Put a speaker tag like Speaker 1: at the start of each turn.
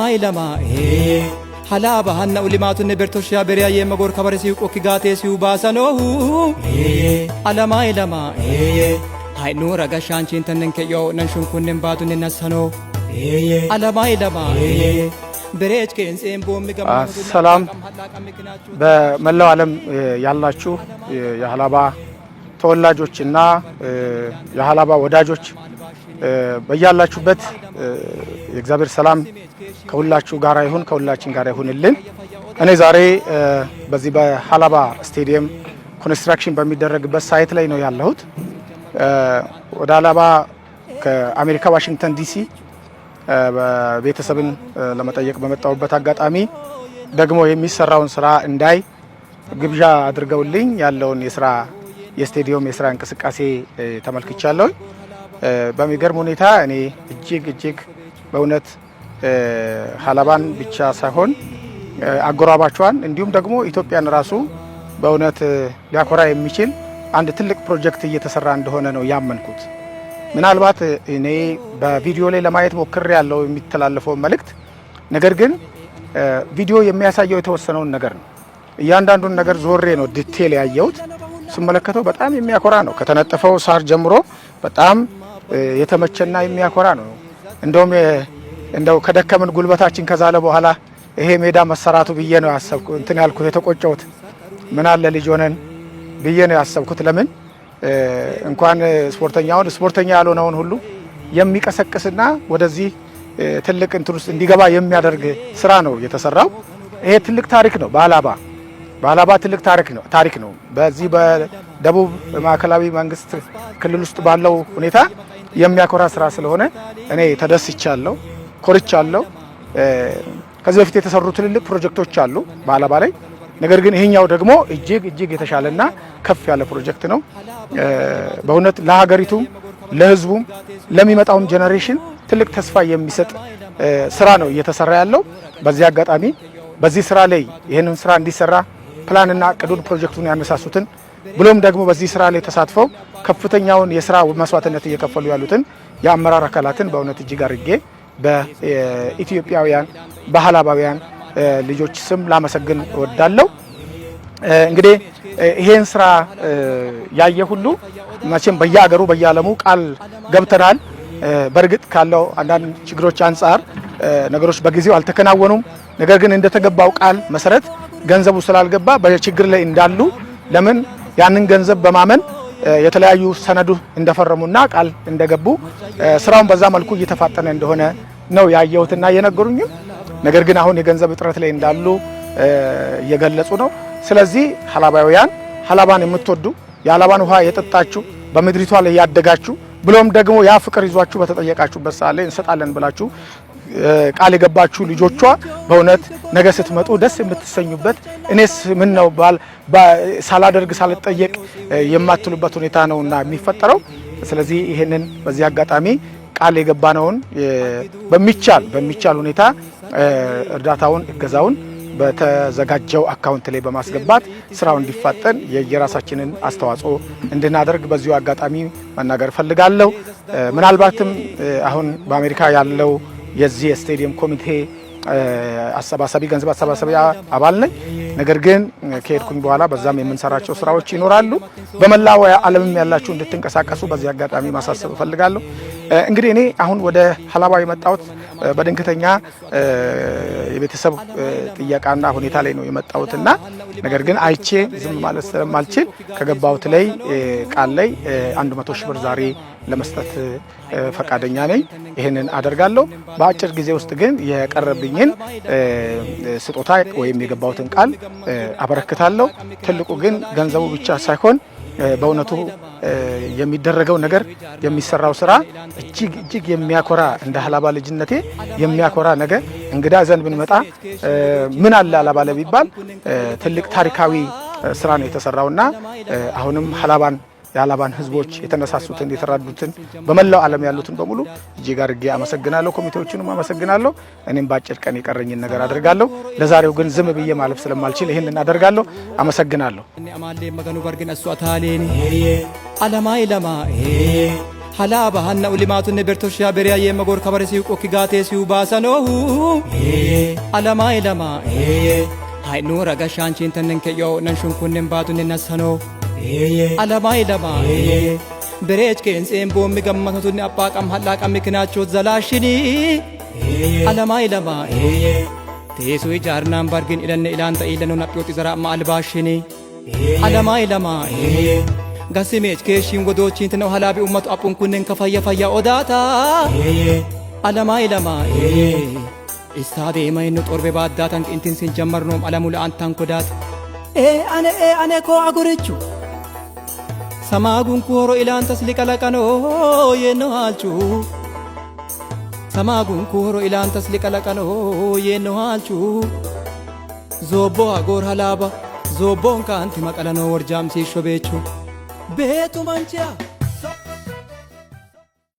Speaker 1: ለማይ ለማ ሀላ ባሃና ኡሊማቱን ቤርቶሽያ በሪያ የመጎር ከበር ሲው ቆኪ ሲው ባሰኖሁ አለማ ይለማ ሀይኑ ረገሻ አንቺን ተንን ከዮ ነንሹን ኩንን ባቱን ነሰኖ አለማ ይለማ ብሬች ከንጽም ቦም
Speaker 2: ሰላም በመላው ዓለም ያላችሁ የሀላባ ተወላጆችና የሀላባ ወዳጆች በያላችሁበት የእግዚአብሔር ሰላም ከሁላችሁ ጋር ይሁን፣ ከሁላችን ጋር ይሁንልን። እኔ ዛሬ በዚህ በሀላባ ስቴዲየም ኮንስትራክሽን በሚደረግበት ሳይት ላይ ነው ያለሁት። ወደ ሀላባ ከአሜሪካ ዋሽንግተን ዲሲ ቤተሰብን ለመጠየቅ በመጣሁበት አጋጣሚ ደግሞ የሚሰራውን ስራ እንዳይ ግብዣ አድርገውልኝ ያለውን የስራ የስቴዲየም የስራ እንቅስቃሴ ተመልክቻለሁኝ። በሚገርም ሁኔታ እኔ እጅግ እጅግ በእውነት ሀላባን ብቻ ሳይሆን አጎራባቿን እንዲሁም ደግሞ ኢትዮጵያን ራሱ በእውነት ሊያኮራ የሚችል አንድ ትልቅ ፕሮጀክት እየተሰራ እንደሆነ ነው ያመንኩት። ምናልባት እኔ በቪዲዮ ላይ ለማየት ሞክር ያለው የሚተላለፈውን መልእክት፣ ነገር ግን ቪዲዮ የሚያሳየው የተወሰነውን ነገር ነው። እያንዳንዱን ነገር ዞሬ ነው ዲቴል ያየሁት። ስመለከተው በጣም የሚያኮራ ነው። ከተነጠፈው ሳር ጀምሮ በጣም የተመቸና የሚያኮራ ነው። እንደውም እንደው ከደከምን ጉልበታችን ከዛለ በኋላ ይሄ ሜዳ መሰራቱ ብዬ ነው ያሰብኩ እንትን ያልኩት የተቆጨሁት ምን አለ ልጅ ሆነን ብዬ ነው ያሰብኩት። ለምን እንኳን ስፖርተኛውን ስፖርተኛ ያልሆነውን ሁሉ የሚቀሰቅስና ወደዚህ ትልቅ እንትን ውስጥ እንዲገባ የሚያደርግ ስራ ነው የተሰራው። ይሄ ትልቅ ታሪክ ነው። በአላባ በአላባ ትልቅ ታሪክ ነው ታሪክ ነው። በዚህ በደቡብ ማዕከላዊ መንግስት ክልል ውስጥ ባለው ሁኔታ የሚያኮራ ስራ ስለሆነ እኔ ተደስቻለሁ፣ ኮርቻለሁ። ከዚህ በፊት የተሰሩ ትልልቅ ፕሮጀክቶች አሉ በአላባ ላይ። ነገር ግን ይሄኛው ደግሞ እጅግ እጅግ የተሻለና ከፍ ያለ ፕሮጀክት ነው። በእውነት ለሀገሪቱም ለህዝቡም ለሚመጣውም ጄኔሬሽን ትልቅ ተስፋ የሚሰጥ ስራ ነው እየተሰራ ያለው። በዚህ አጋጣሚ በዚህ ስራ ላይ ይህንን ስራ እንዲሰራ ፕላንና ቅዱን ፕሮጀክቱን ያነሳሱትን ብሎም ደግሞ በዚህ ስራ ላይ ተሳትፈው ከፍተኛውን የስራ መስዋዕትነት እየከፈሉ ያሉትን የአመራር አካላትን በእውነት እጅግ አድርጌ በኢትዮጵያውያን በሀላባውያን ልጆች ስም ላመሰግን እወዳለሁ። እንግዲህ ይሄን ስራ ያየ ሁሉ መቼም በየአገሩ በየዓለሙ ቃል ገብተናል። በእርግጥ ካለው አንዳንድ ችግሮች አንጻር ነገሮች በጊዜው አልተከናወኑም። ነገር ግን እንደተገባው ቃል መሰረት ገንዘቡ ስላልገባ በችግር ላይ እንዳሉ ለምን ያንን ገንዘብ በማመን የተለያዩ ሰነዱ እንደፈረሙና ቃል እንደገቡ ስራውን በዛ መልኩ እየተፋጠነ እንደሆነ ነው ያየሁትና የነገሩኝም። ነገር ግን አሁን የገንዘብ እጥረት ላይ እንዳሉ እየገለጹ ነው። ስለዚህ ሀላባውያን ሀላባን የምትወዱ የሀላባን ውሃ የጠጣችሁ በምድሪቷ ላይ ያደጋችሁ ብሎም ደግሞ ያ ፍቅር ይዟችሁ በተጠየቃችሁበት ሰዓት ላይ እንሰጣለን ብላችሁ ቃል የገባችሁ ልጆቿ በእውነት ነገ ስትመጡ ደስ የምትሰኙበት እኔስ ምን ነው ሳላደርግ ሳልጠየቅ የማትሉበት ሁኔታ ነውና የሚፈጠረው። ስለዚህ ይህንን በዚህ አጋጣሚ ቃል የገባነውን በሚቻል በሚቻል ሁኔታ እርዳታውን እገዛውን በተዘጋጀው አካውንት ላይ በማስገባት ስራው እንዲፋጠን የየራሳችንን አስተዋጽኦ እንድናደርግ በዚሁ አጋጣሚ መናገር እፈልጋለሁ። ምናልባትም አሁን በአሜሪካ ያለው የዚህ የስቴዲየም ኮሚቴ አሰባሳቢ ገንዘብ አሰባሳቢ አባል ነኝ። ነገር ግን ከሄድኩኝ በኋላ በዛም የምንሰራቸው ስራዎች ይኖራሉ። በመላው ዓለምም ያላችሁ እንድትንቀሳቀሱ በዚህ አጋጣሚ ማሳሰብ እፈልጋለሁ። እንግዲህ እኔ አሁን ወደ ሀላባ የመጣሁት በድንገተኛ የቤተሰብ ጥየቃና ሁኔታ ላይ ነው የመጣሁትና ነገር ግን አይቼ ዝም ማለት ስለማልችል ከገባሁት ላይ ቃል ላይ አንድ መቶ ሺህ ብር ዛሬ ለመስጠት ፈቃደኛ ነኝ። ይህንን አደርጋለሁ። በአጭር ጊዜ ውስጥ ግን የቀረብኝን ስጦታ ወይም የገባሁትን ቃል አበረክታለሁ። ትልቁ ግን ገንዘቡ ብቻ ሳይሆን በእውነቱ የሚደረገው ነገር የሚሰራው ስራ እጅግ እጅግ የሚያኮራ እንደ ሀላባ ልጅነቴ የሚያኮራ ነገር እንግዳ ዘንድ ብንመጣ ምን አለ ሀላባ ለሚባል ትልቅ ታሪካዊ ስራ ነው የተሰራውና አሁንም ሀላባን የአላባን ህዝቦች የተነሳሱትን የተራዱትን በመላው ዓለም ያሉትን በሙሉ እጅግ አድርጌ አመሰግናለሁ። ኮሚቴዎቹንም አመሰግናለሁ። እኔም በአጭር ቀን የቀረኝን ነገር አድርጋለሁ። ለዛሬው ግን ዝም ብዬ ማለፍ ስለማልችል ይህንን አደርጋለሁ። አመሰግናለሁ።
Speaker 1: ሀላባ ሀናኡ ሊማቱን ቤርቶሽያ የመጎር መጎር ከበረሲው ቆኪ ጋቴሲው ባሰኖሁ አለማ ለማ ሀይኑ ረጋሻንቺን ተንንከዮ ነንሹንኩንን ባቱን ነሰኖ አለማይ ለማ በሬች ኬንሴን ቦሚ ገመቶቱን አባቃም ቀም ሀላቃ ምክናቸው ዘላሽኒ አለማይ ለማ ቴሱ ጃርናን ባርግን ኢለነ ኢላንተ ተኢለኑ ናጵዮጢ ዘራማ አልባሽኒ አለማይ ለማ ጋሲሜች ኬሽን ወዶችን ትነው ሀላቢ ኡመቱ አፑን ኩንን ከፈየ ፈያ ኦዳታ አለማይ ለማ ኢስታዴ ማይኑ ጦርቤ ባዳታን ቅንቲን ሲንጀመር ጀመርኖም አለሙ ለአንታን ኮዳት ኤ አነ ኤ አነ ኮ አጉርቹ Samaa gunkuuroo ilaantas liqalaqanoo yennoo haalchuu. Samaa gunkuuroo ilaantas liqalaqanoo yennoo haalchuu. Zoobboo hagoor halaaba zoobboon kaanti maqalanoo warjaamsiishoo beechuu. Beetu manchiyaa.